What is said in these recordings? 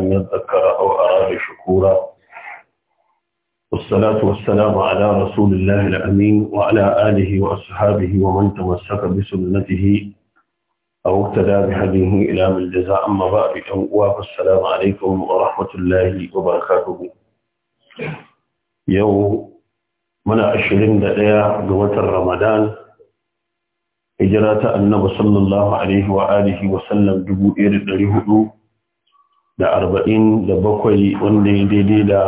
أن يذكر أو أراد شكورا والصلاة والسلام على رسول الله الأمين وعلى آله وأصحابه ومن تمسك بسنته أو اقتدى بهديه إلى من جزاء أما بعد والسلام عليكم ورحمة الله وبركاته يوم من عشرين دقيقة قوة رمضان هجرة النبي صلى الله عليه وآله وسلم دبو إير da arba'in da bakwai wanda ya daidai da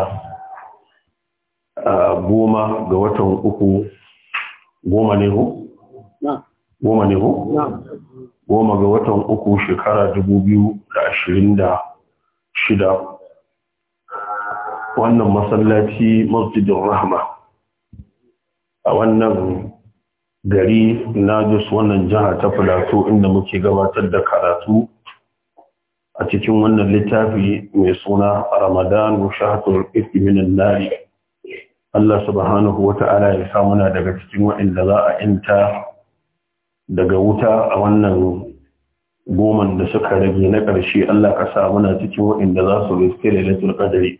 ah, goma ga watan uku goma ne hu? goma ne hu? goma ga watan uku shekara dubu biyu da ashirin da shida wannan masallaci masjidin rahma a wannan gari na jus wannan jiha ta filato inda muke gabatar da karatu a cikin wannan littafi mai suna Ramadan shahatul ifki minan nari Allah subhanahu wata'ala ya sa muna daga cikin wa'inda za a inta daga wuta a wannan goman da suka rage na ƙarshe Allah ka samuna cikin wa'inda za su riske da latul qadari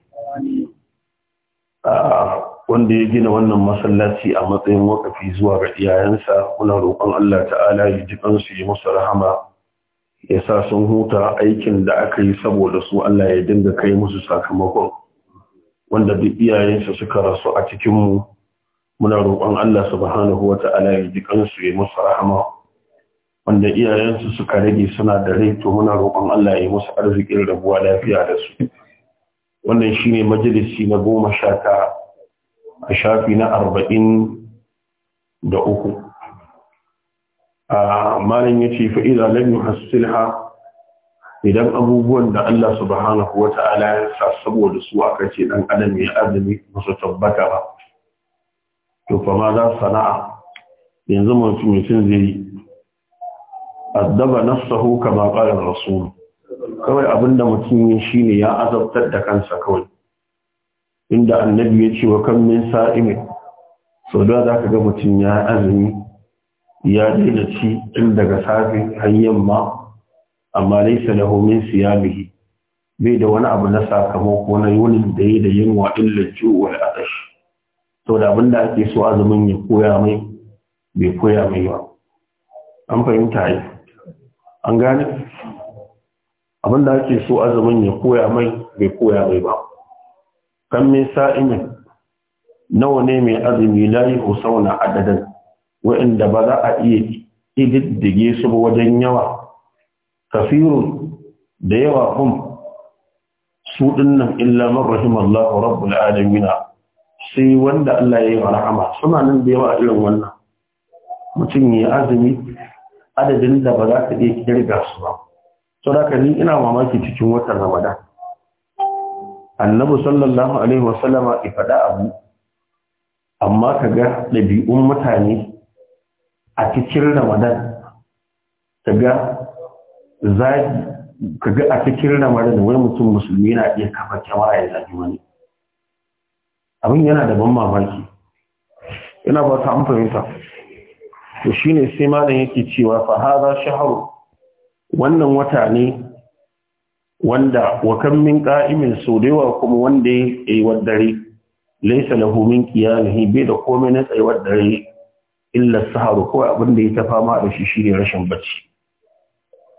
wanda ya gina wannan masallaci a matsayin wakafi zuwa ga iyayensa kuna roƙon Allah ta'ala ya ji kansu ya musu rahama Yasa sun huta aikin da aka yi saboda su Allah ya dinga kai musu sakamakon wanda duk iyayensa suka rasu a cikinmu muna roƙon Allah subhanahu wa ta'ala ya ji kansu ya musu rahama wanda iyayensu suka rage suna da rai to muna roƙon Allah ya musu arzikin rabuwa lafiya da su wannan shine majalisi na goma sha ta a shafi na arba'in da uku malam ya ce fa'iza lam yuhassilha idan abubuwan da Allah subhanahu wata'ala ya sa saboda su aka ce dan adam ya azumi musu tabbata ba to fa ma za sana'a yanzu mutum zai yi addaba nafsahu kama qala rasul kawai abinda mutum yin shine ya azabtar da kansa kawai inda annabi ya ce wa kan min sa'imin sau da zaka ga mutum ya azumi ya daina ci tun daga safe har yamma amma laisa lahu min siyamihi bai da wani abu na sakamako na yunin da yi da yunwa illa ju'u wal atash to da abinda ake so azumin ya koya mai bai koya mai ba an fahimta ai an gane abinda ake so azumin ya koya mai bai koya mai ba kan min sa'imin nawa ne mai azumi ko yusauna adadan wa'inda ba za a iya diddige su ba wajen yawa kafirun da yawa kun su dinnan illa man rahimallahu rabbul alamin sai wanda Allah ya yi rahama suna nan da yawa irin wannan mutum ya azumi adadin da ba za ka iya kirga su ba to da ni ina mamaki cikin watan Ramadan annabi sallallahu alaihi wasallama ya faɗa abu amma ka ga ɗabi'un mutane a cikin ramadan ka ga a cikin ramadan wani mutum musulmi yana iya kafa kyawa ya zagi wani abin yana da ban mamaki yana ba ta amfahimta to ne sai malam yake cewa fa hadha shahru wannan wata ne wanda wa kan min qa'imin sudewa kuma wanda yi waddare laysa lahu min qiyamihi bai da komai na tsayuwar dare illa saharu ko abin da ya ta fama da shi shine rashin bacci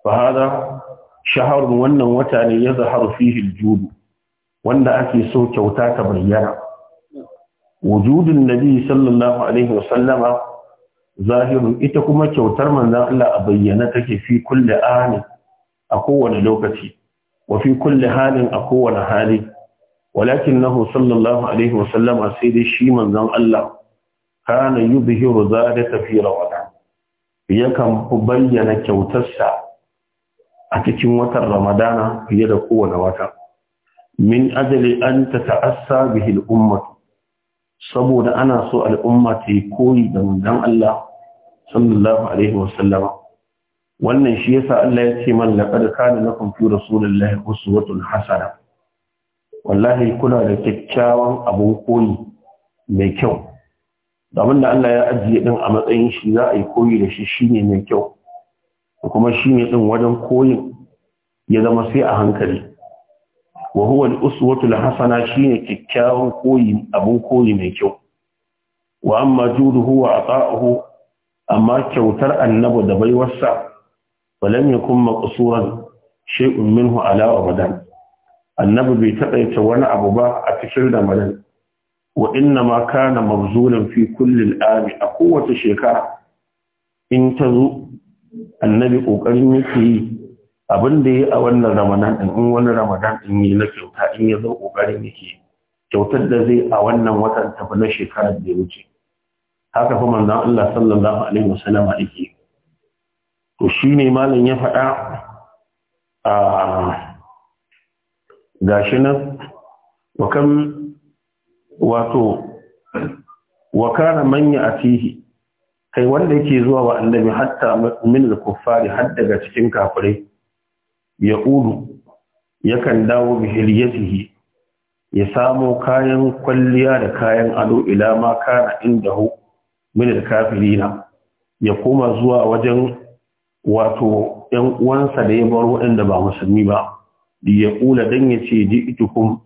fa hada shaharun wannan wata ne ya zaharu fihi aljudu wanda ake so kyauta ta bayyana wujudun nabi sallallahu alaihi sallama zahirun ita kuma kyautar manzon Allah a bayyana take fi kulli ani a kowane lokaci wa fi kulli halin a kowane hali nahu sallallahu alaihi sallama sai dai shi manzon Allah kana yubhiru zalika fi rawada yakan bayyana kyautarsa a cikin watan ramadana fiye da kowane wata min ajali an tata'assa bihi al-ummah saboda ana so al'umma ta yi koyi da manzon Allah sallallahu alaihi wannan shi yasa Allah ya ce man laqad kana lakum fi rasulillahi uswatun hasana wallahi kuna da kyakkyawan abun koyi mai kyau da da Allah ya ajiye din a matsayin shi za a yi koyi da shi shine mai kyau kuma shine din wajen koyin ya zama sai a hankali wa huwa al-uswatu al-hasana shine kikkiawan koyi abun koyi mai kyau wa amma juduhu wa ata'uhu amma kyautar annabi da baiwarsa walam yakun maqsuran shay'un minhu ala ramadan annabi bai taƙaita wani abu ba a cikin ramadan wa inna ma kana mabzulan fi kulli al'ami a kowace shekara in ta zo annabi kokarin yake yi abin da yi a wannan ramadan din in wani ramadan din yi na kyauta in ya zo kokarin yake kyautar da zai a wannan watan tafi na shekarar da ya wuce haka fa manzon Allah sallallahu alaihi wasallam yake to shine malam ya faɗa a gashi nan wa kam wato wa kana man ya'tihi kai wanda yake zuwa wa annabi hatta min al-kuffari har daga cikin kafirai ya ulu yakan dawo bi hiliyatihi ya samo kayan kwalliya da kayan ado ila ma kana indahu min al-kafirina ya koma zuwa wajen wato ‘yan uwansa da ya bar waɗanda ba musulmi ba, ya ula don ya ce ji itukum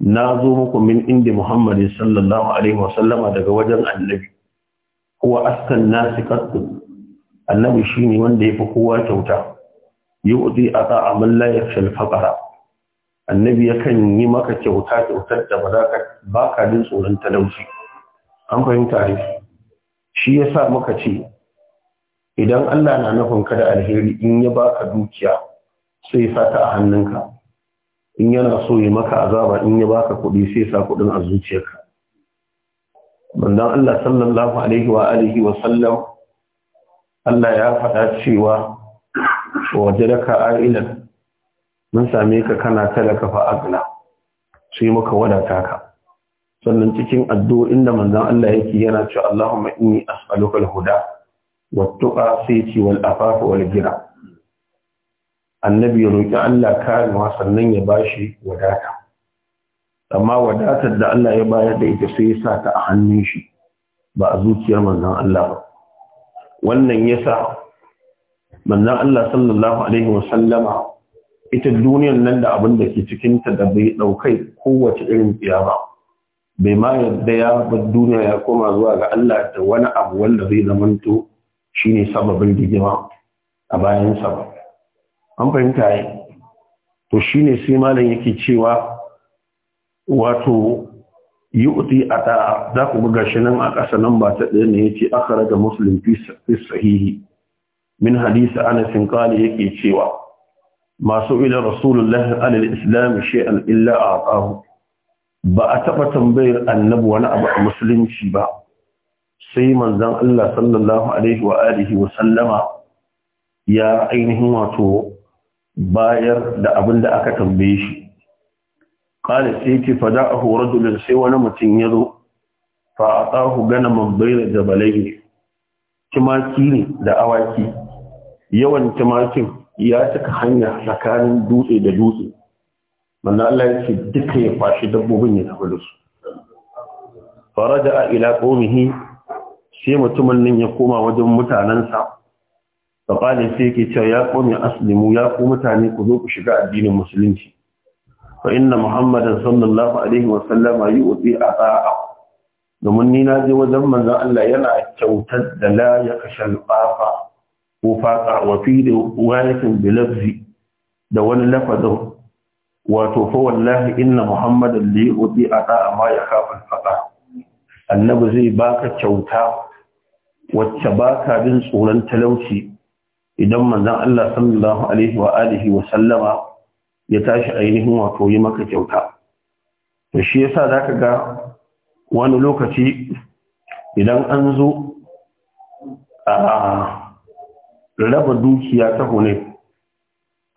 na zo muku min inda Muhammad sallallahu alaihi wasallama daga wajen annabi kuwa askan nasi kasu annabi shi ne wanda ya fi kowa kyauta yu'ti ata a la layar shalfaƙara. annabi yakan yi maka kyauta kyautar da ba ka baka jin tsoron talauci an fahimta ne shi ya sa maka ce idan Allah na nufin kada alheri in ya baka dukiya sai sa ta a hannunka in yana so yi maka azaba in ya baka kuɗi sai sa kuɗin a zuciyarka bandan Allah sallallahu alaihi wa alihi wa sallam Allah ya faɗa cewa jaraka ailan mun same ka kana talaka fa agla sai muka wadata ka sannan cikin addu'o'in da manzon Allah yake yana cewa Allahumma inni as'aluka al-huda wat-tuqa sayti wal-afafa wal-ghina annabi ya roƙi Allah karewa sannan ya bashi wadata amma wadatar da Allah ya bayar da ita sai ya sa ta a hannun shi ba a zuciyar manzon Allah ba wannan ya sa manzon Allah sallallahu alaihi wasallama ita duniyar nan da abin da ke cikinta da bai ɗaukai kowace irin tsiya ba bai ma yadda ya bar duniya ya koma zuwa ga Allah da wani abu wanda zai zamanto shine sababin rigima a bayan ba an fahimta yi to shi ne sai malam yake cewa wato yi uti a ta'a za ku ga shi nan a ƙasa nan ba ta ɗaya ne ya ce akara da musulun fi sahihi min hadisa anasin kali yake cewa masu ila rasulullahi alil islam shi'an illa a ƙahu ba a taɓa tambayar annabi wani abu a musulunci ba sai manzan Allah sallallahu alaihi wa wa sallama ya ainihin wato bayar da abin da aka tambaye shi qala sai ki fada'ahu rajulun sai wani mutum ya zo fa gana ganaman da jabalaini tumaki ne da awaki yawan tumakin ya cika hanya tsakanin dutse da dutse manna Allah ya ce duka ya fashi dabbobin ya tafi da su faraja ila qaumihi sai mutumin nan ya koma wajen mutanensa. faƙali sai yake cewa ya ƙomi aslimu ya ku mutane ku zo ku shiga addinin musulunci fa inna muhammadan sallallahu alaihi wa sallama yi utsi a tsa'a domin ni na je wajen manzon Allah yana kyautar da la ya kashe alfafa ko faƙa wa fi da wayatin bilafzi da wani lafazin wato fa wallahi inna muhammadan li utsi a tsa'a ma ya kafa faɗa annabi zai baka kyauta wacce baka bin tsoron talauci idan manzon Allah sallallahu alaihi wa alihi wa sallama ya tashi ainihin wato yi maka kyauta to shi yasa zaka ga wani lokaci idan an zo a raba dukiya ta hune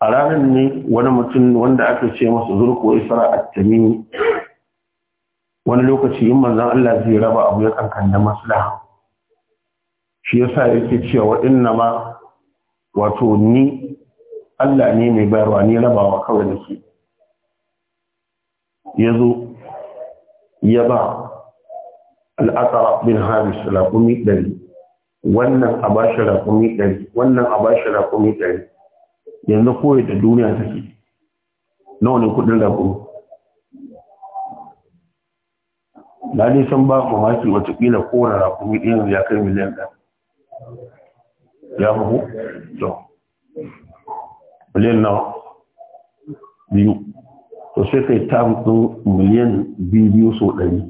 a ranar ne wani mutum wanda aka ce masa zurko isra at-tamimi wani lokaci in manzon Allah zai raba abu ya kankan da maslaha shi yasa yake cewa inna ma wato ni Allah ne mai bayarwa ni rabawa kawai da ke ya zo ya ba al'asara bin haris raƙumi ɗari wannan a bashi raƙumi ɗari wannan a bashi raƙumi yanzu koyi da duniya take nawa ne kuɗin raƙumi na san ba mamaki watakila kowane raƙumi ɗaya ya kai miliyan ɗari. ya to miliyan nawa biyu to sai kai ta miliyan biyu so ɗari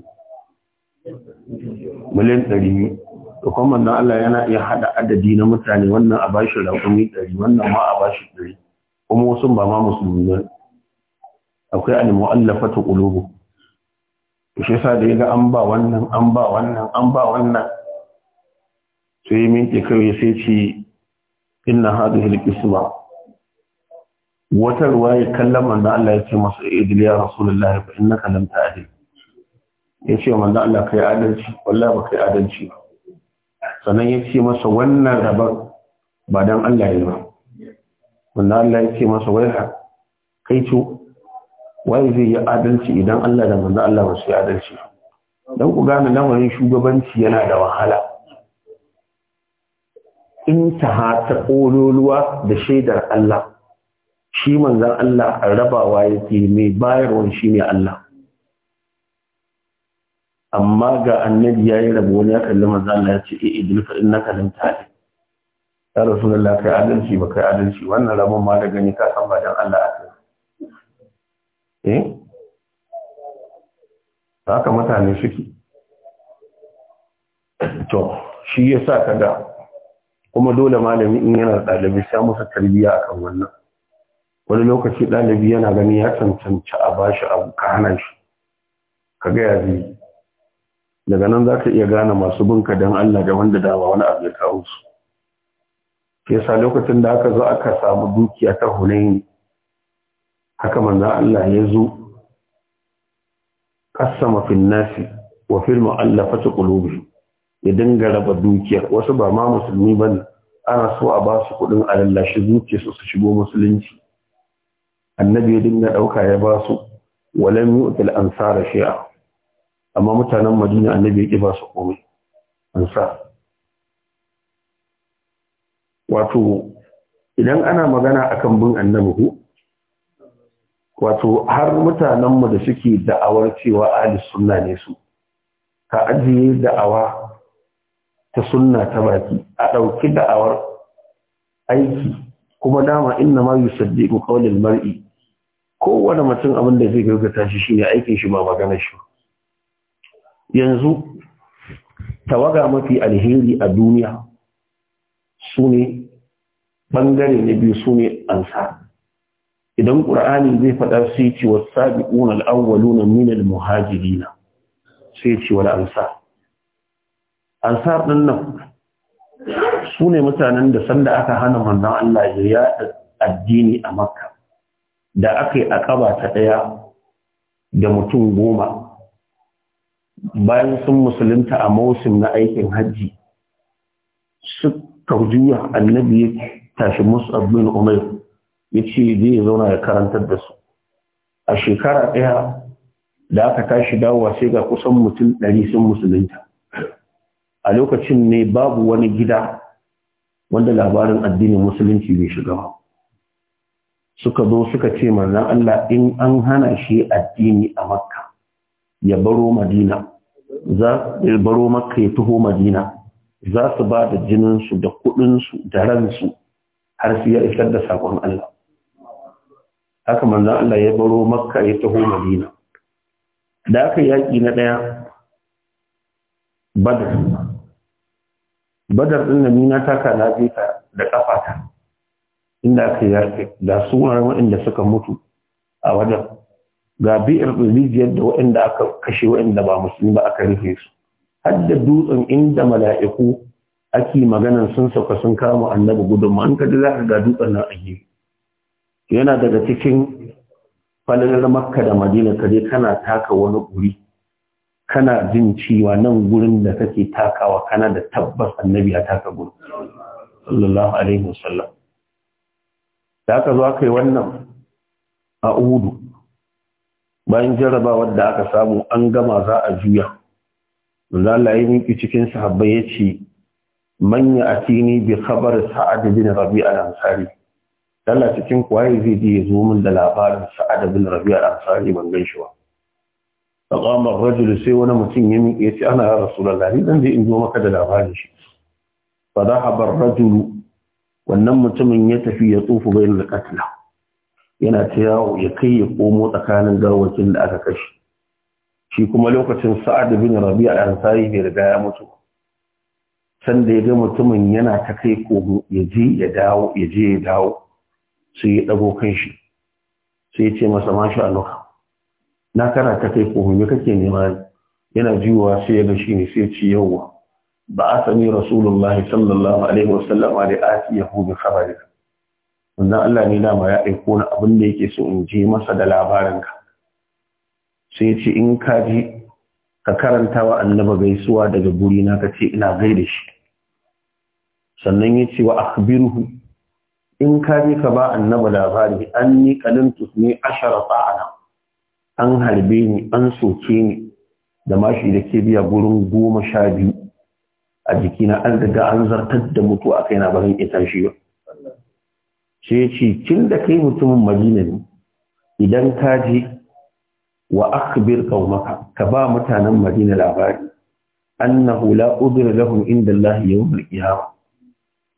miliyan ɗari to kuma nan Allah yana iya hada adadi na mutane wannan a bashi raƙumi ɗari wannan ma a bashi ɗari kuma wasu ba ma musulmi ne akwai al-mu'allafatu qulubu shi yasa da yaga an ba wannan an ba wannan an ba wannan sai yi minke kawai sai ce inna hadhihi al-qisma wata ya kallon manzo Allah ya ce masu idil ya rasulullahi fa innaka ta ta'dil ya ce manzo Allah yi adalci wallah ba ka yi adalci ba sannan ya ce masa wannan rabar ba dan Allah ya ba manzo Allah ya ce masa wai kai to wai zai yi adalci idan Allah da manzo Allah ba su yi adalci dan ku gane lamarin shugabanci yana da wahala In ta ƙololuwa da shaidar Allah shi manzan Allah a rabawa yake mai bayarwan shi ne Allah amma ga annabi ya yi rabu wani ya kalli manzan Allah ya ce e idil fa na lam ta'lam ya da kai adalci ba kai adalci wannan rabon ma da gani ka san ba dan Allah aka eh haka mutane suke to shi ya sa ka ga kuma dole malami in yana da ɗalibi sai masa tarbiyya kan wannan wani lokaci ɗalibi yana gani ya cancanci a bashi abu ka hana shi ka ga ya zai daga nan za ka iya gane masu binka don Allah da wanda dama wani abu ya kawo su ke sa lokacin da aka zo aka samu dukiya ta hunayi haka manzan Allah ya zo kasama mafin nasi wa fil mu'allafati qulubihim ya dinga raba dukiyar wasu ba ma musulmi ba ne ana so a ba su kuɗin a lallashi zuciya su su shigo musulunci annabi ya dinga ɗauka ya ba su walam yu'til ansara shi'a. amma mutanen madina annabi ya ƙi ba su komai ansar wato idan ana magana akan bin annabi ko wato har mutanenmu da suke da'awar cewa ahli sunna ne su ka ajiye da'awa ta sunna ta baki a ɗauki da'awar aiki kuma dama inna ma yusaddiqu qawlul mar'i kowane mutum abin da zai gargata shi shine aikin shi ba magana shi yanzu tawaga mafi alheri a duniya sune bangare na biyu sune ansa idan ƙur'ani zai faɗa sai ce was-sabiquna al-awwaluna min al-muhajirin sai ce amsa. ansa ansar din nan su ne mutanen da sanda aka hana manzon Allah ya yaɗa addini a makka da aka yi akaba ta ɗaya da mutum goma bayan sun musulunta a mausim na aikin hajji suka juya annabi ya tashi musab bin umar ya ce zai zauna ya karantar da su a shekara ɗaya da aka tashi dawowa sai ga kusan mutum ɗari sun musulunta a lokacin ne babu wani gida wanda labarin addinin musulunci bai shiga ba suka zo suka ce manzan Allah in an hana shi addini a makka ya baro madina za ya baro makka ya taho madina za su ba da jininsu da kudinsu da ransu har sai ya isar da sakon Allah haka manzan Allah ya baro makka ya taho madina da aka yaƙi na ɗaya badar badar ɗin da nuna taka na da ƙafata inda aka yi da sunan waɗanda suka mutu a wajen ga bi'ir rijiyar da waɗanda aka kashe waɗanda ba musulmi ba aka rufe su har da dutsen inda mala'iku ake maganan sun sauka sun kama annabi gudun an ka za ka ga dutsen nan a gefe yana daga cikin falalar makka da madina ka je kana taka wani guri kana jin cewa nan gurin da kake takawa kana da tabbas annabi ya taka gurin sallallahu alaihi wasallam da aka zo kai wannan a udu bayan jarrabawar da aka samu an gama za a juya Allah ya miki cikin sahabbai yace ce man ya atini bi khabar sa'ad bin rabi'a al-ansari Allah cikin kwaye zai je ya zo min da labarin sa'ad bin rabi'a al-ansari ban gan shi ba فقام rajulu sai wani mutum ya يتي انا يا رسول الله لي dan je in zo maka da labarin shi fa dhahaba ar wannan mutumin ya tafi ya tsufa bayan al yana ta yawo ya kai ya komo tsakanin gawakin da aka kashe shi kuma lokacin sa'ad bin rabi'a al-ansari bai riga ya mutu san da ya ga mutumin yana ta kai kogo ya je ya dawo ya je ya dawo sai ya dago kan shi sai ya ce masa masha na kara ka kai ko me kake nema yana jiwa sai ga shi ne sai ci yawa ba a sami rasulullahi sallallahu alaihi wasallam da ati yahu bi khabari wannan Allah ne dama ya aiko ni abin da yake so in je masa da labarin ka sai ya ce in ka ji ka karanta wa annaba gaisuwa daga guri na ka ce ina gaida shi sannan ya ce wa akhbiruhu in ka ji ka ba annaba labari anni qalantu ni ashara sa'an an harbe ni an soke ni da mashi da ke biya gurin goma sha biyu a jikina an daga an zartar da mutu a kaina ba zan ita shi ba sai ce kin da kai mutumin madina ne idan ka je wa akbir kaumaka ka ba mutanen madina labari annahu la udra lahum inda Allah yawm al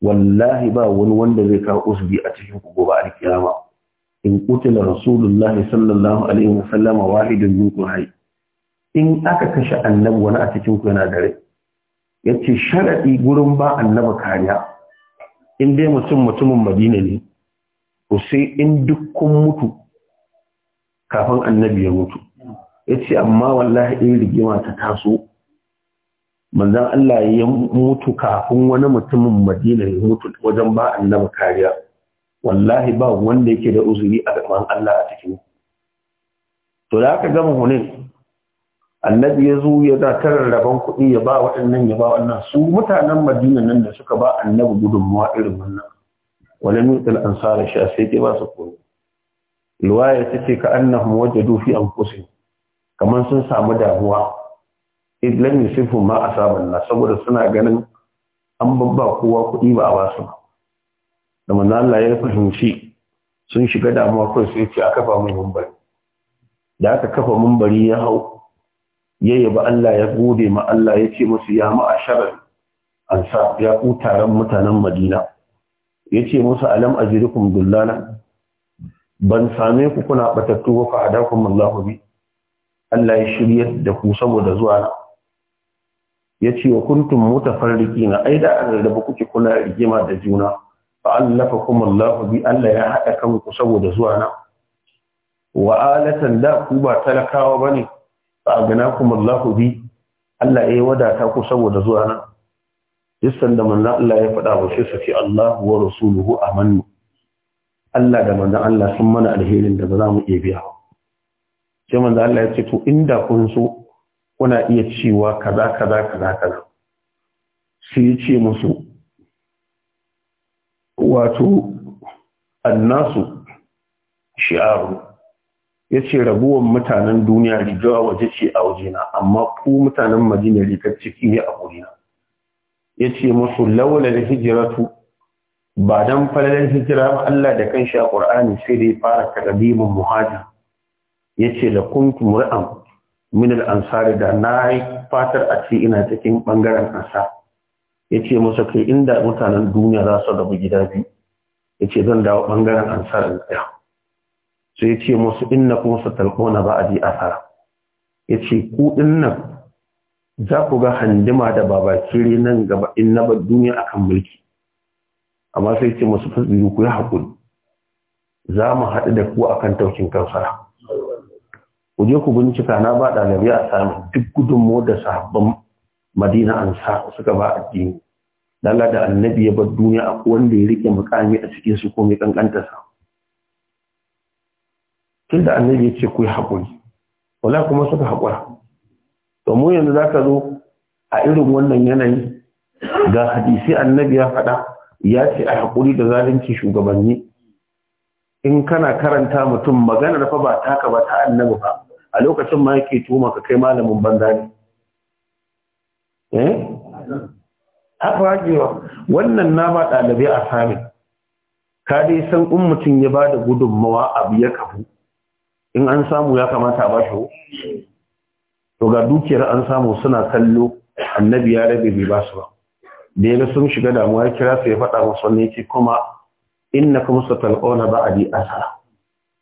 wallahi ba wani wanda zai kawo usbi a cikin gobe al kiyama in kutila rasulullahi sallallahu alaihi wa wasallam wahidun min quraysh in aka kashe annabi wani a cikin ku yana da rai yace sharadi gurin ba annabi kariya in dai mutum mutumin Madina ne to sai in dukkan mutu kafin annabi ya mutu yace amma wallahi in rigima ta taso manzon Allah ya mutu kafin wani mutumin Madina ya mutu wajen ba annabi kariya wallahi ba wanda yake da uzuri a gaban Allah a cikin to da aka gama hunin annabi ya zo ya da tarar rabon kuɗi ya ba waɗannan ya ba wannan su mutanen madina nan da suka ba annabi gudunmuwa irin wannan wala mutul ansar sha sai ke ba su koyo riwaya ta ce ka annahum wajadu fi anfusihim Kamar sun samu damuwa idlan yusifu ma asaban na saboda suna ganin an babba kowa kuɗi ba a basu ba da manzo Allah ya fahimci sun shiga damuwa kai sai ce a kafa mun mumbari da aka kafa mumbari ya hau ya yaba Allah ya gode ma Allah ya ce musu ya ma'asharar ansa ya ku taron mutanen Madina ya ce musu alam ajrikum dullana ban same ku kuna batattu ba fa hadakum Allahu bi Allah ya shiryar da ku saboda zuwa na ya ce wa kuntum mutafarriqina ai da an da kuke kuna rigima da juna fa'allafakum Allah bi Allah ya haɗa kanku saboda zuwa na wa alatan da ku ba talakawa bane fa agnakum Allah bi Allah ya wadata ku saboda zuwa na dissan da manna Allah ya faɗa ba sai safi Allah wa rasuluhu amannu Allah da manzon Allah sun mana alherin da ba za mu iya biya sai manzon Allah ya ce to inda kun so kuna iya cewa kaza kaza kaza kaza sai ya ce musu wato annasu shi'aru ya ce mutanen duniya rigawa waje ce a wajena amma ku mutanen madina rigar ciki ne a wurina ya ce musu laulal hijiratu ba don falalar hijira ba Allah da kanshi a ƙur'ani sai dai fara karabimin muhajir ya ce da kuntum ra'am min al-ansari da na fatar a ce ina cikin ɓangaren ansa ya ce masa kai inda mutanen duniya za su rabu gida biyu ya ce zan dawo ɓangaren ansar in sai ya ce musu inna kuma su talkona ba a ji asara ya ce ku nan za ku ga handima da bakire nan gaba in na bar duniya kan mulki amma sai ce musu fasbiyu ku yi haƙuri za mu haɗu da ku akan taukin kansara ku je ku bincika na ba ɗalibai a sami duk gudunmu da sahabban madina Ansa sa suka ba addini dalla da annabi ya bar duniya wanda ya rike mukami a cikin su mai kankanta sa tunda annabi ya ce ku yi hakuri, wala kuma suka hakura to mu yanzu zaka zo a irin wannan yanayi ga hadisi annabi ya faɗa ya ce a hakuri da zalunci shugabanni in kana karanta mutum magana da fa ba taka ba ta annabi ba a lokacin ma yake tuma ka kai malamin banza ne eh a fagewa wannan na ba ɗalibai a sami ka dai san in mutum ya ba da gudunmawa abu ya kafu in an samu ya kamata a bashi to ga dukiyar an samu suna kallo annabi ya rabe bai ba su ba da ya sun shiga damuwa ya kira su ya faɗa masu wani yake kuma inna kuma su talƙona ba a bi asara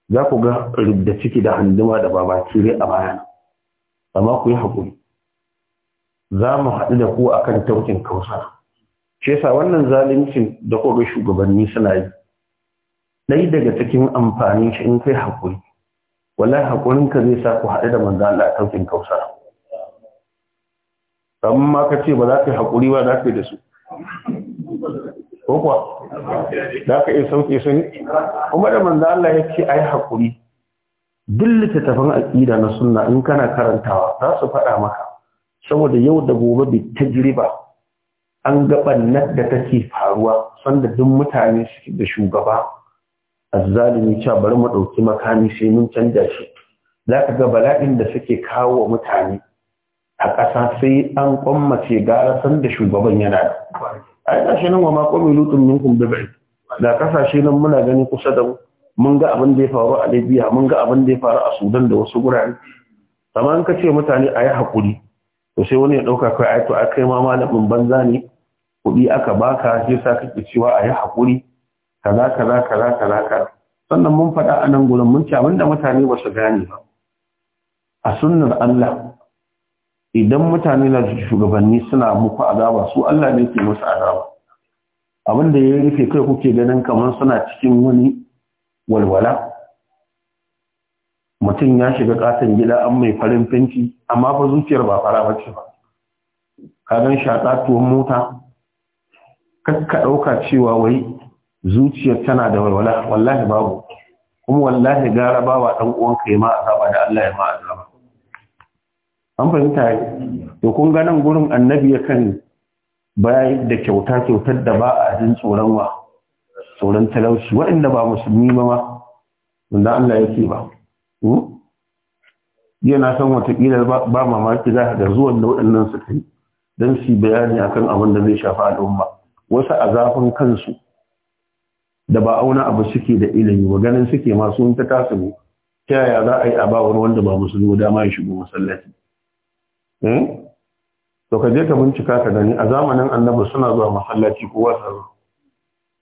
za ku ga rubda ciki da handuma da babakire a bayan amma ku yi haƙuri za mu haɗu da ku akan taukin kausa shi yasa wannan zalincin da koga shugabanni suna yi Ɗai daga cikin amfanin shi in kai haƙuri wallahi haƙurinka zai sa ku haɗu da manzo Allah a taukin kausa amma ka ce ba za ka yi haƙuri ba za ka yi da su ko kuwa za ka iya sauke su ne kuma da manzo Allah ya ce a yi haƙuri duk littattafan aƙida na sunna in kana karantawa za su faɗa maka saboda yau da gobe bai tajriba an ga ɓannar da take faruwa sanda duk mutane suke da shugaba azzalimi cewa bari mu ɗauki makami sai mun canja shi za ka ga bala'in da suke kawo wa mutane a ƙasa sai an kwammace gara sanda shugaban yana da a ƙasashe nan wa ma lutun minkum da bai da ƙasashe nan muna gani kusa da mu mun ga abin da ya faru a libya mun ga abin da ya faru a sudan da wasu gurare amma in ka ce mutane a yi haƙuri to sai wani ya ɗauka kai ai to a kai ma malamin banza ne kuɗi aka baka shi sa kake cewa a yi haƙuri kaza kaza kaza kaza sannan mun faɗa a nan gurin mun ci abinda mutane ba su gane ba a sunnar Allah idan mutane na shugabanni suna muku azaba su Allah ne ke musu azaba abinda ya rufe kai kuke ganin kamar suna cikin wani walwala mutum ya shiga katon gida an mai farin finci amma fa zuciyar ba fara bace ba ka gan shaƙa tuwon mota kakka ɗauka cewa wai zuciyar tana da walwala wallahi babu kuma wallahi gara wa ɗan uwanka ya ma azaba da Allah ya ma azaba an fahimta to kun ga nan gurin annabi ya kan bayar da kyauta kyautar da ba a jin tsoron wa tsoron talauci waɗanda ba musulmi ba wanda Allah yake ba Hmm? yana san watakila ba mamaki za ga zuwan da waɗannan su kai don su bayani akan abin da zai shafa al'umma wasu a zafin kansu da ba auna abu suke da ilimi ba ganin suke masu ta tasu ne ta yaya za a yi a ba wanda ba musulmi dama ya shigo masallaci hmm? to ka je ka bincika ka gani a zamanin annabi suna zuwa masallaci kowa sa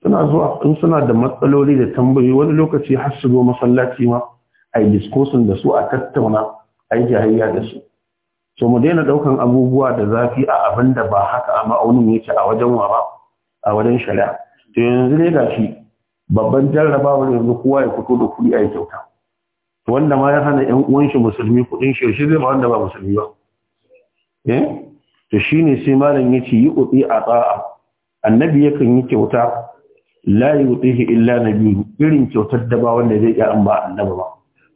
suna zuwa in suna da matsaloli da tambayi wani lokaci har su zo masallaci ma a yi diskosin da su a tattauna a yi jahayya da su so mu daina daukan abubuwa da zafi a abin da ba haka a ma'aunin yake a wajen wa a wajen shari'a to yanzu ne ga shi babban jarrabawar yanzu kowa ya fito da kuɗi a yi kyauta wanda ma ya hana yan uwan shi musulmi kuɗin shi shi zai ba wanda ba musulmi ba eh to shine sai malam yace yi uti a tsa'a. annabi yakan yi kyauta la yutihi illa nabiyyu irin kyautar da ba wanda zai iya an ba annabi ba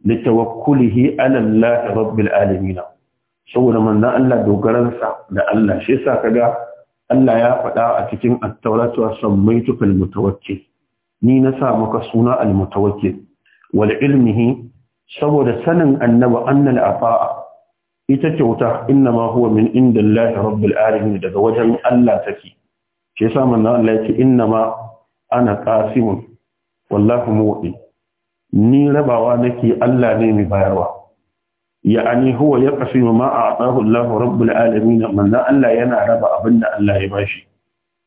da tawakkulihi ala Allah rabbil alamin saboda manzon Allah dogaransa da Allah shi yasa kaga Allah ya faɗa a cikin at-taurat wa sammaytuka mutawakkil ni na sa maka suna al-mutawakkil wal ilmihi saboda sanin annaba annal afa'a ita kyauta innama huwa min indallahi rabbil alamin daga wajen Allah take shi yasa manzo Allah yake innama ana qasimun wallahu mu'min ni rabawa nake Allah ne mai bayarwa ya'ani huwa yaqfi ma a'tahu Allah rabbul alamin manzo Allah yana raba abinda Allah ya bashi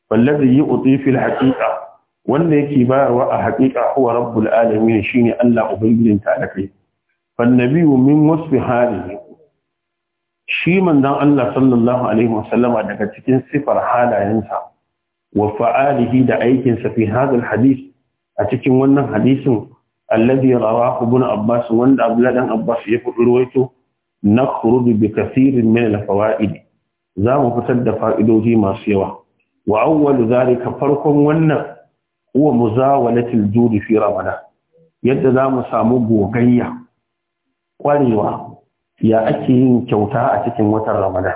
wallazi yu'ti fil haqiqa wanda yake bayarwa a haqiqa huwa rabbul alamin shine Allah ubangijin talakai fan nabiyyu min wasfi halihi shi manzon Allah sallallahu alaihi wasallama daga cikin sifar halayensa wa fa'alihi da aikinsa fi hadal hadith a cikin wannan hadisin alladhi rawahu ibn abbas wanda abdullah abbas ya fudu ruwaito nakhruju bi kathirin min al-fawaid za mu fitar da fa'idoji masu yawa wa awwal zalika farkon wannan huwa muzawalati al-judi fi ramadan yadda za mu samu gogayya kwarewa ya ake yin kyauta a cikin watan ramadan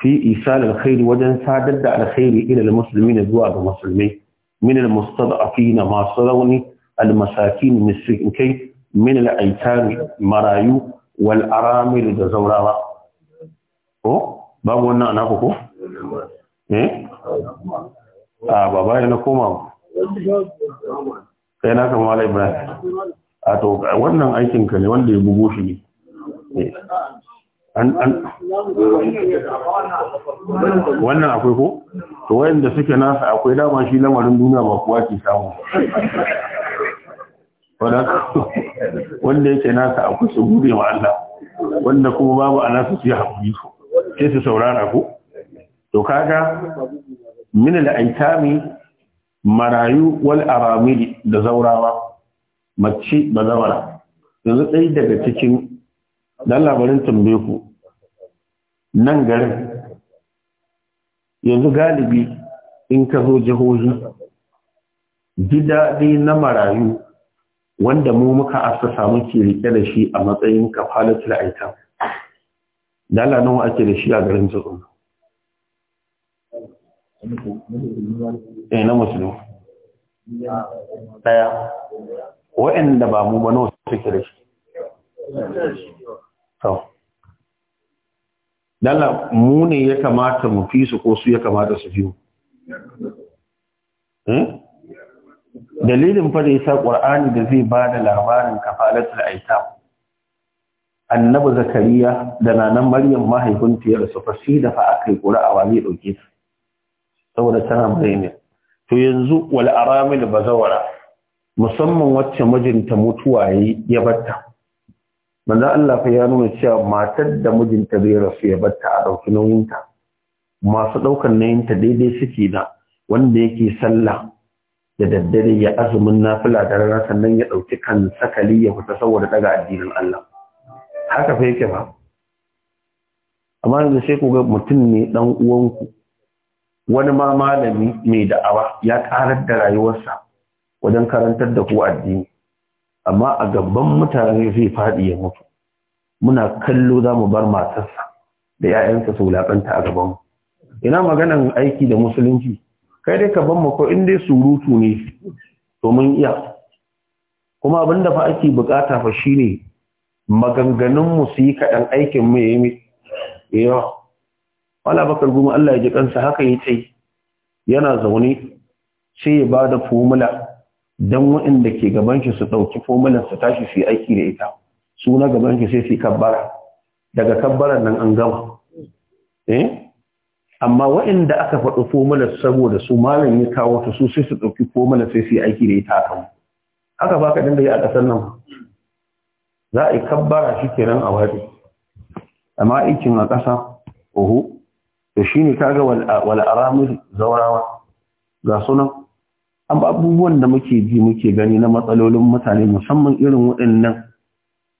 fi isal alkhairi wajen sadar da alkhairi ila almuslimina zuwa ga musulmai min na masu rauni almasakin miskinkai min al'aitar marayu wal aramil da zaurawa ko babu wannan ana ko eh a baba na koma kai na kama wala ibrahim a to wannan aikin ka ne wanda ya bugo shi ne wannan akwai ko to wayanda suke nasa akwai dama shi lamarin duniya ba kuwa ke samu wanda yake nasa a kusa gube wa Allah wanda kuma babu a nasa su yi haƙuri su sai su saurara ku to kaga min al-aitami marayu wal aramili da zaurawa mace zaura yanzu ɗaya daga cikin dan labarin tambaye ku nan garin yanzu galibi in ka zo jihohi gida na marayu wanda mu muka samu ke rike da shi a matsayin kafalatul aitam dala nawa ake da shi a garin tsotsun eh na musulmi daya wa'anda ba mu ba nawa suke da shi to dala mu ne ya kamata mu fi su ko su ya kamata su fi mu eh dalilin fa da yasa qur'ani da zai bada labarin kafalatul aita annabi zakariya da nanan maryam mahaifinta ya rasu fasi da fa akai qur'a a wani dauke su. saboda tana ne. to yanzu wal aramil bazawara musamman wacce mijinta mutuwa ya batta manzo Allah fa ya nuna cewa matar da mijinta zai rasu ya batta a dauki nauyinta masu daukan nayinta daidai suke da wanda yake sallah da daddare ya azumin nafila da rana sannan ya ɗauki kan sakali ya fita saboda daga addinin Allah haka fa yake ba amma da sai ku ga mutum ne dan uwanku wani ma malami mai da'awa ya karar da rayuwarsa wajen karantar da ku addini amma a gaban mutane zai faɗi ya mutu muna kallo za mu bar matarsa da 'ya'yansa su wulaƙanta a gabanmu ina maganan aiki da musulunci kai dai ka ban mako in dai surutu ne to iya kuma abin da fa ake bukata fa shine maganganun mu su yi kaɗan aikin mu ya yi yawa wala bakar goma Allah ya ji kansa haka ya ce yana zaune sai ya ba da fomula don waɗanda ke gaban shi su ɗauki fomulan su tashi su yi aiki da ita su na gaban shi sai su yi kabbara daga kabbaran nan an gama eh amma waɗanda aka faɗi fomula saboda su malam ya kawo ta su sai su ɗauki fomula sai su yi aiki da ita akan haka ba ka dinga yi a ƙasar nan za a yi kabbara shi nan a waje amma aikin a ƙasa oho shi ne kaga wal aramil zaurawa ga sunan an abubuwan da muke ji muke gani na matsalolin mutane musamman irin waɗannan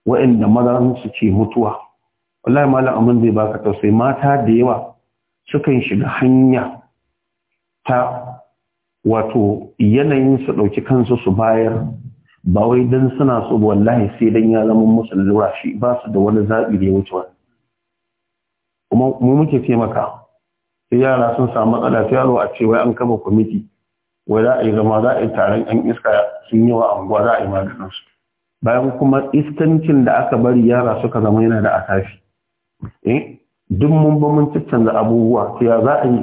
waɗanda mazan su ce mutuwa wallahi malam amin zai baka tausayi mata da yawa sukan shiga hanya ta wato yanayin su ɗauki kansu su bayar ba wai don suna so wallahi sai dan ya zama musu lura ba su da wani zaɓi da ya wuce wani kuma mu muke taimaka sai yara sun samu matsala ta yaro a ce wai an kafa kwamiti wai za a yi zama za a yi taron yan iska sun yi wa unguwa za a yi maganin su bayan kuma iskancin da aka bari yara suka zama yana da atafi eh duk mun ba mun canza abubuwa to ya za a yi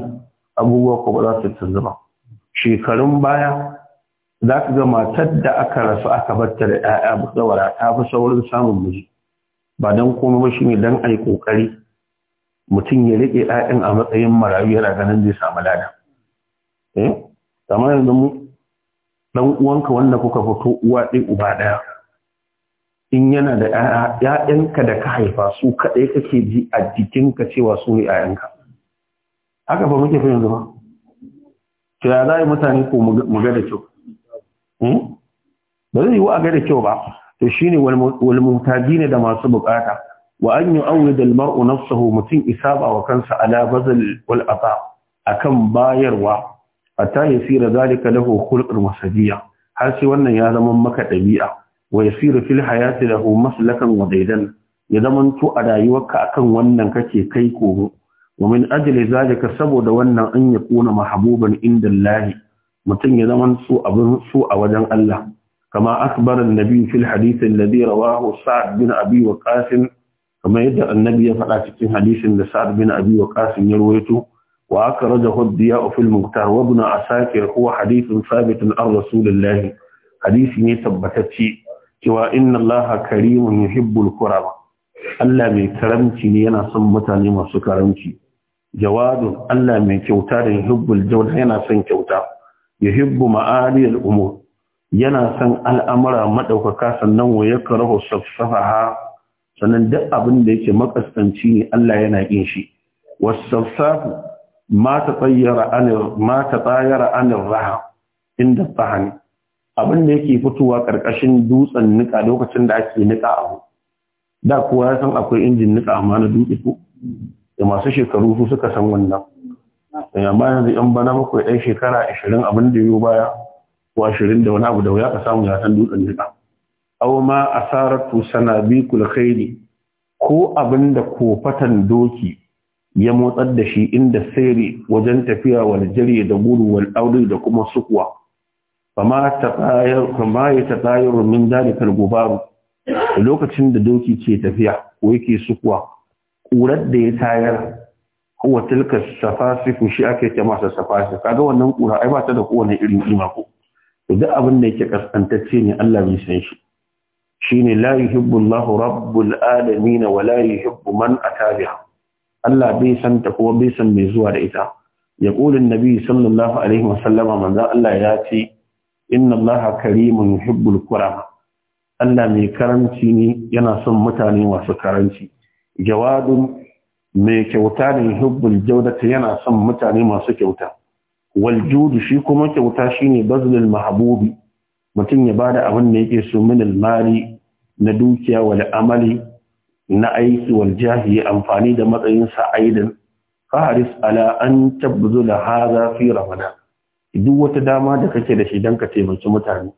abubuwa ko ba za su canza ba shekarun baya za ka ga matar da aka rasu aka batta da 'ya'ya bazawara ta fi saurin samun miji ba don komai ba shine don a yi mutum ya riƙe 'ya'yan a matsayin marayu yana ganin zai samu lada eh kamar yanzu mu dan uwanka wanda kuka fito uwa ɗaya uba ɗaya in yana da ‘ya'yanka da ka haifa su kaɗai kake ji a jikinka cewa su ne ‘ya'yanka. Haka ba muke fahimta ba. Kira za yi mutane ko mu ga da kyau. Hmm? Ba zai yi wa a ga da kyau ba, to shi ne walmutaji ne da masu bukata. Wa an yi aure da mar'u nafsahu mutum isa ba wa kansa ala bazal wal a kan bayarwa a ta yi sira zalika lahu hulɗar masajiya. har sai wannan ya zama maka ɗabi'a. wa yasiru fil hayati lahu maslakan wa daidan ya zamanto a rayuwarka akan wannan kake kai kogo wa min ajli zalika saboda wannan an ya kona mahabuban inda Allah mutum ya zama su abin su a wajen Allah kama akbar Nabi'u fil hadith alladhi rawahu sa'd bin abi waqas kama yadda annabi ya faɗa cikin hadisin da Sa'ad bin abi waqas ya rawaito wa aka raja diya fi al-muqtar wa ibn asakir huwa hadithun thabitun ar rasulillah hadisi ne tabbatacce cewa inna allaha karimun yuhibbul kurama Allah mai karamci ne yana son mutane masu karamci jawadun Allah mai kyauta da hibbul jawd yana son kyauta Ya hibbu ma'aliyal umur yana son al'amura maɗaukaka sannan wa yakrahu safsafaha sannan duk abin da yake makasanci ne Allah yana yin shi wasafsafu ma tatayyara an ma raha inda fahani abin da yake fitowa ƙarƙashin dutsen nika lokacin da ake nika abu da kowa ya san akwai injin nika amma na dutse ko da masu shekaru su suka san wannan eh, amma yanzu yan bana bakwai ɗan shekara ashirin abin da yiwu baya ko ashirin da wani abu da wuya ka samu ya san dutsen nika aw ma asaratu sanabikul khairi ko abin da kofatan doki ya motsar da shi inda sairi wajen tafiya wal jari da gudu wal da kuma sukuwa fama ta tsayaru min dalikar gubaru lokacin da doki ke tafiya ko yake sukuwa ƙurar da ya tayar wa tilka safasifu shi ake ta masa safasif kaga wannan ƙura ai ba ta da kowane irin kima ko duk abin da yake kaskantacce ne Allah bai san shi shine la yuhibbu Allahu rabbul alamin wa la yuhibbu man atabiha Allah bai san ta kuma bai san mai zuwa da ita ya kulin nabi sallallahu alaihi sallama. manzo Allah ya ce inna allaha karimun yuhibbul kurama Allah mai karanci ne yana son mutane masu karanci jawadun mai kyauta ne hubbul jaudata yana son mutane masu kyauta waljudu shi kuma kyauta shine bazlul mahbubi mutum ya bada abin da yake so min mali na dukiya wal amali na aiki wal jahi amfani da matsayin sa aidan haris ala an tabzula hadha fi ramadan duk wata dama da kake da shi don ka taimaki mutane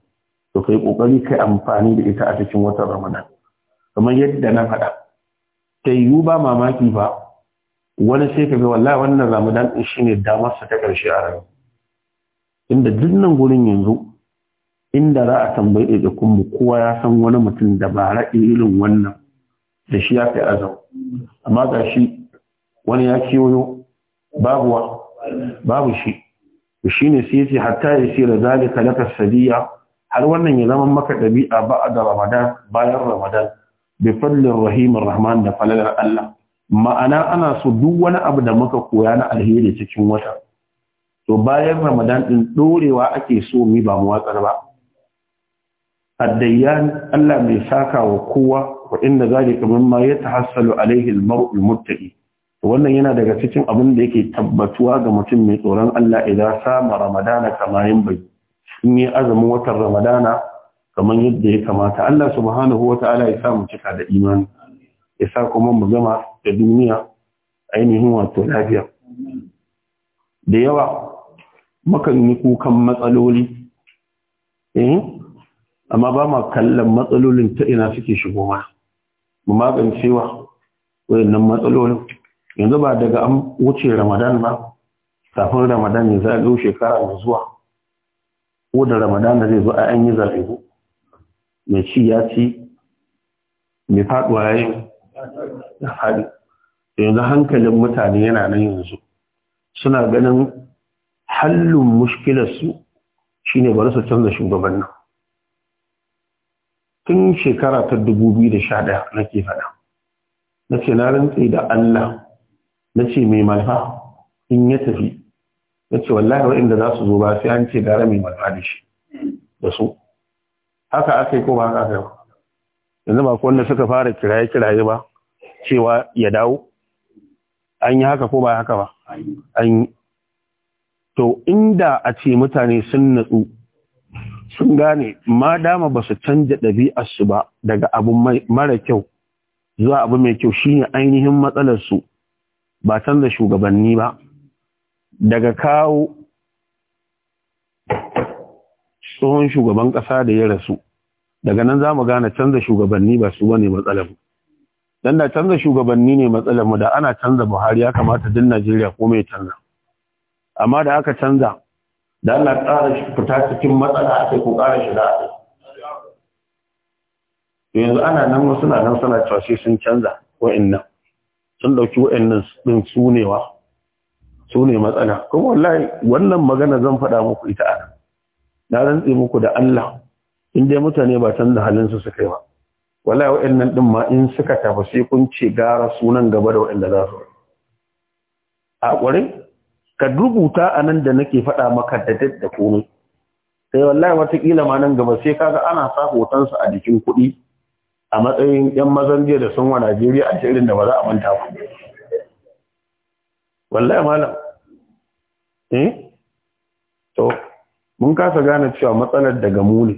to kai kokari kai amfani da ita a cikin watan ramadan kamar yadda na haɗa. ta yiwu ba mamaki ba wani sai ka ga wallahi wannan ramadan din shine damar sa ta karshe a rayuwa inda duk nan gurin yanzu inda za a tambayi da mu kowa ya san wani mutum da ba raɗi irin wannan da shi ya kai azam amma ga shi wani ya kewayo babu babu shi shi ne sai yace hatta da zalika laka sadiya har wannan ya zama maka dabi'a da ramadan bayan ramadan bi fadlir rahimir rahman da falalar Allah ma'ana ana so duk wani abu da muka koya na alheri cikin wata to bayan ramadan din dorewa ake so mi ba mu watsar ba addayyan Allah mai saka wa kowa wa inda zalika mimma yatahassalu alaihi almar'u almuttaqi wannan yana daga cikin abin da yake tabbatuwa ga mutum mai tsoron Allah idan sama ramadana kamar yin bai in yi azumin watan ramadana kamar yadda ya kamata Allah subhanahu wataala ya sa mu cika da imani ya sa kuma mu gama da duniya ainihin wato lafiya da yawa mukan yi kukan matsaloli eh amma ba ma kallon matsalolin ta ina suke shigo ma mu magancewa wayannan matsalolin yanzu ba daga an wuce ramadan ba kafin ramadan ne za a ɗau shekara mai zuwa ko da ramadan da zai zo a an yi zaɓe mai ci ya ci mai faɗuwa ya yi ya faɗi yanzu hankalin mutane yana nan yanzu suna ganin hallun mushkilarsu shi ne bari su canza shugaban nan tun shekara ta da 2011 nake faɗa na ce na rantse da Allah na ce mai malfa in ya tafi na ce wallahi wa'inda za su zo ba sai an ce gara mai malfa da shi da su haka aka yi ko ba haka aka yanzu ba wanda suka fara kiraye-kiraye ba cewa ya dawo an yi haka ko ba haka ba an yi to inda a ce mutane sun natsu sun gane ma dama ba su canja ɗabi'arsu ba daga abu mara kyau zuwa abu mai kyau shine ainihin matsalarsu ba canza shugabanni ba daga kawo tsohon shugaban ƙasa da ya rasu daga nan za mu gane canza shugabanni ba su bane matsalar don da canza shugabanni ne matsalar mu da ana canza Buhari ya kamata din Najeriya ko mai canza amma da aka canza da ana tsara fita cikin matsala sai ko ƙara shiga yanzu ana nan wasu na nan suna cewa sai sun canza ko in nan. sun ɗauki wa'annan ɗin sunewa sune matsala kuma wallahi wannan magana zan faɗa muku ita a na rantse muku da Allah in dai mutane ba canza halin su kai ba wallahi wa'annan ɗin ma in suka tafi sai kun ce gara sunan gaba da wa'anda za su a ƙwarai ka rubuta a nan da nake faɗa maka da dadda komai sai wallahi watakila ma nan gaba sai kaga ana sa hotonsa a jikin kuɗi a matsayin 'yan mazan jiya da sun wa Najeriya a shirin da ba za a manta ku. Wallahi malam. Eh? To, mun kasa gane cewa matsalar daga mu ne.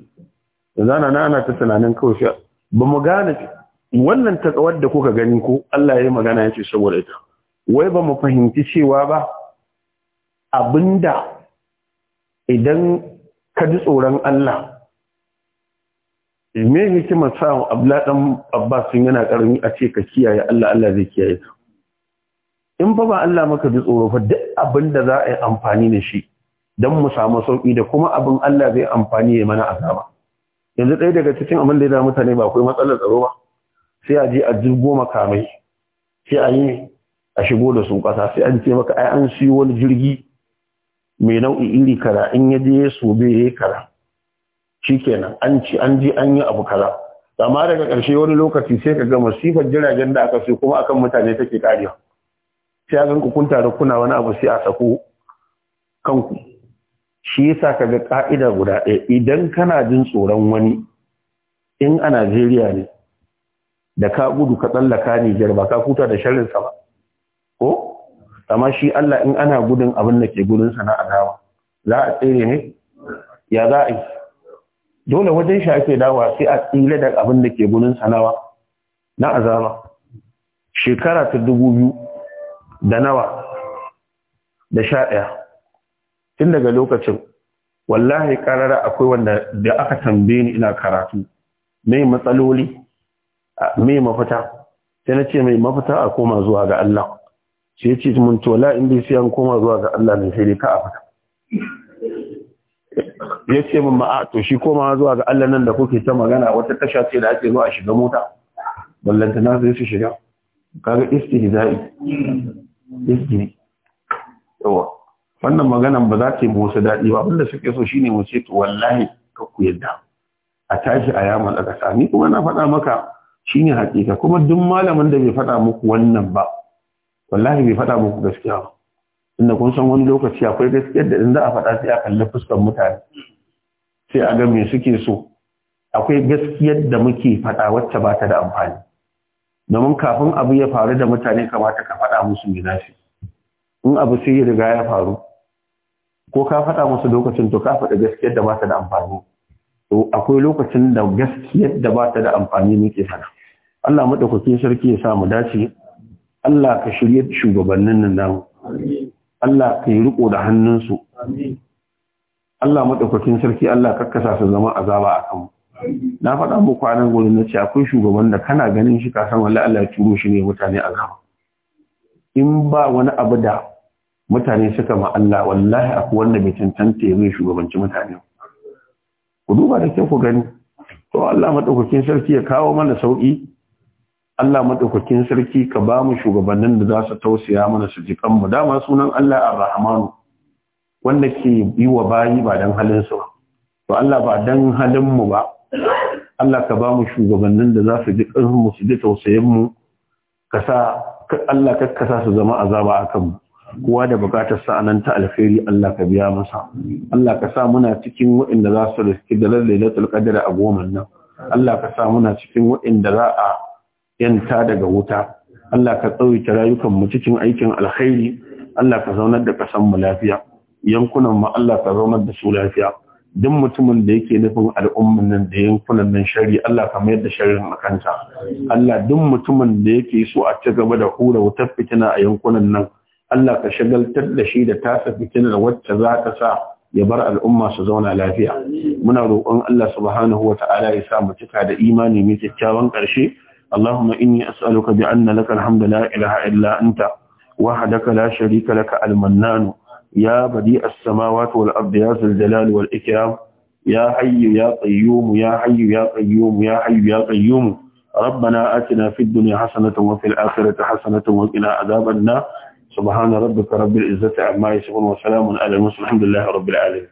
Yanzu ana na ana ta tunanin kawai shi ba mu gane wannan ta tsawar da kuka gani ko Allah ya yi magana ya ce saboda ita. Wai ba mu fahimci cewa ba abinda idan ka ji tsoron Allah Eh, me hikimar sa abla dan abbas yana karami a ce ka kiyaye Allah Allah zai kiyaye in ba ba Allah maka bi tsoro fa duk abin da za a yi amfani da shi don mu samu sauki da kuma abin Allah zai amfani ya mana azaba yanzu ɗaya daga cikin abin da ya da mutane ba akwai matsalar tsaro ba sai a je a jirgo makamai sai a yi a shigo da su ƙasa sai an ce maka ai an siyo wani jirgi mai nau'i iri kara in ya je ya sobe ya yi kara shikenan an ci an ji an yi abu kaza amma daga ƙarshe wani lokaci sai ka ga masifar jiragen da aka sai kuma akan mutane take kariya sai a ku kun tare kuna wani abu sai a sako kanku shi yasa ga ka'ida guda ɗaya idan kana jin tsoron wani in a Najeriya ne da ka gudu ka tsallaka Nijar ba ka kuta da sharrin sa ba ko amma shi Allah in ana gudun abin da ke gudun sa na adawa za a tsere ne ya za a yi dole wajen shi ake dawa sai a tsile da abin da ke gunin sanawa na azama shekara ta dubu biyu da nawa da sha ɗaya tun daga lokacin wallahi karara akwai wanda da aka tambaye ni ina karatu mai matsaloli mai mafita sai na ce mai mafita a koma zuwa ga Allah ya ce mun tola inda in sai an koma zuwa ga Allah ne sai dai ka a fita ya ce min ma'a ah, to shi koma zuwa ga Allah nan da kuke ta magana wata tasha ce da ake zuwa a shiga mota ballanta na zai su shiga kaga istihza'i istihza'i yawa wannan maganan ba za ta yi musu daɗi ba abinda suke so shine mu ce to wallahi ka ku yadda a tashi a yaman a ƙasa ni kuma na faɗa maka shine hakika kuma duk malamin da bai faɗa muku wannan ba wallahi bai faɗa muku gaskiya ba inda kun san wani lokaci akwai gaskiyar da in za a faɗa sai a kalli fuskar mutane sai a ga me suke so akwai gaskiyar da muke faɗa wacce ba ta da amfani domin kafin abu ya faru da mutane kamata ka faɗa musu me nafi in abu sai ya riga ya faru ko ka faɗa musu lokacin to ka faɗa gaskiyar da ba ta da amfani to akwai lokacin da gaskiyar da ba ta da amfani muke faɗa Allah madaukakin sarki ya sa mu dace Allah ka shirye shugabannin nan Allah ka yi riko da hannunsu Allah maɗaukakin sarki Allah kakkasa su zama azaba a kanmu na faɗa mu kwanan gurin na ce akwai shugaban da kana ganin shi ka san wallahi Allah ya turo shi ne mutane azaba in ba wani abu da mutane suka ma Allah wallahi akwai wanda bai cancanta ya zai shugabanci mutane ku duba da kyau ku gani to Allah maɗaukakin sarki ya kawo mana sauki Allah maɗaukakin sarki ka ba mu shugabannin da za su tausaya mana su ji kanmu dama sunan Allah Ar-Rahmanu wanda ke yi wa bayi ba don halinsu ba to Allah ba don halinmu ba Allah ka ba mu shugabannin da za su ji ƙarfinmu su ji tausayinmu ka sa Allah kakkasa su zama azaba a kanmu kowa da bukatar sa nan ta alkhairi Allah ka biya masa Allah ka sa muna cikin waɗanda za su riski da lailatul qadr a goman nan Allah ka sa muna cikin waɗanda za a yanta daga wuta Allah ka tsawaita rayukan mu cikin aikin alkhairi Allah ka zaunar da kasan mu lafiya yankunan ma Allah ka zaunar da su lafiya duk mutumin da yake nufin al'umman nan da yankunan nan shari Allah ka mayar da sharrin kanta. Allah duk mutumin da yake so a ci gaba da hura wutar fitina a yankunan nan Allah ka shagaltar da shi da tasa fitinar wacce za ta sa ya bar al'umma su zauna lafiya muna roƙon Allah subhanahu wa ta'ala ya sa mu cika da imani mai kyakkyawan ƙarshe Allahumma inni ka bi anna laka alhamdu la ilaha illa anta wahdaka la sharika laka يا بديع السماوات والأرض يا ذا الجلال والإكرام يا حي يا قيوم يا حي يا قيوم يا حي يا قيوم ربنا آتنا في الدنيا حسنة وفي الآخرة حسنة وقنا عذاب النار سبحان ربك رب العزة عما يصفون وسلام على المسلم الحمد لله رب العالمين